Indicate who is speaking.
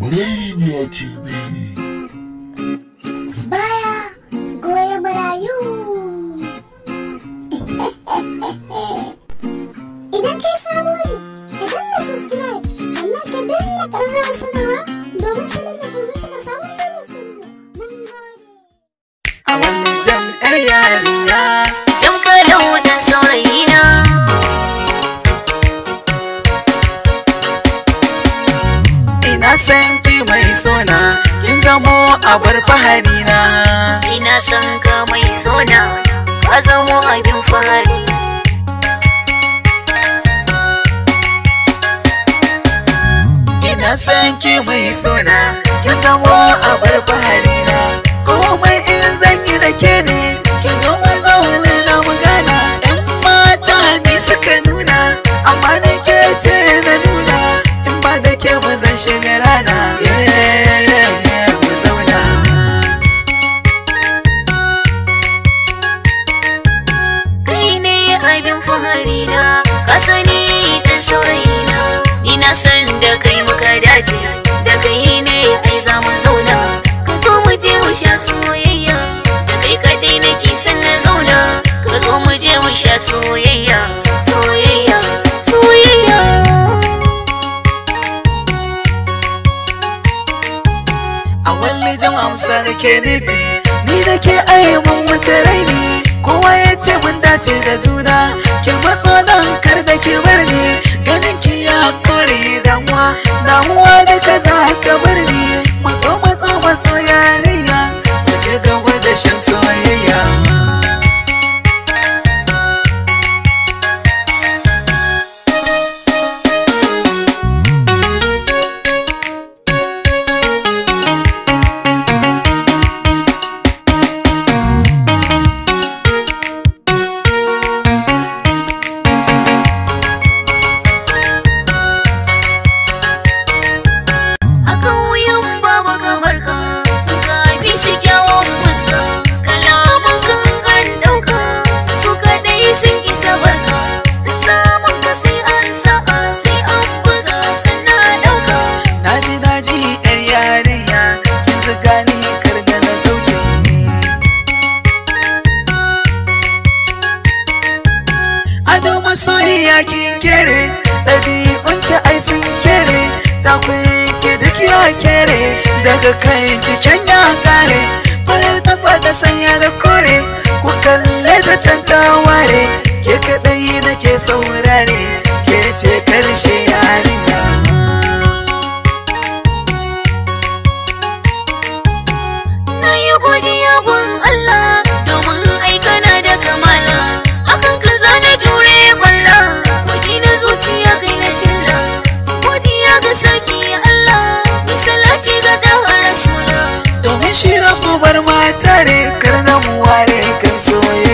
Speaker 1: 毎日バヤゴヤブラユーイダケサボイケンナスキライそんなケンナスはな san fi mai sona kin zamo bar fahari na ina san ka mai sona ka zamo abin fahari ina san ki mai sona kin zamo abar fahari na
Speaker 2: harina ka sani dan saurayina ina san da kai muka dace da kai ne ai za mu zauna ka zo mu je mu sha soyayya da kai kadai nake san na zauna ka zo mu je mu sha soyayya
Speaker 1: soyayya soyayya a wallajin amsa nake nufi ni nake ayyukan mace raini kowa ya ce mun dace da juna ki maso nan kar da ke bar ni ganin ki ya kore damuwa damuwa da ka za ta bar ni maso maso maso yarinya ku ce gaba da shan soyayya masoyiya kin kere ɗabi'un ki ai sun kere takwai ki duk ya kere daga kai ki can ya kare kwarar ta fada sanya da kore ku kalle da can ta ware ke kaɗai nake saurare ke ce karshe yarinya you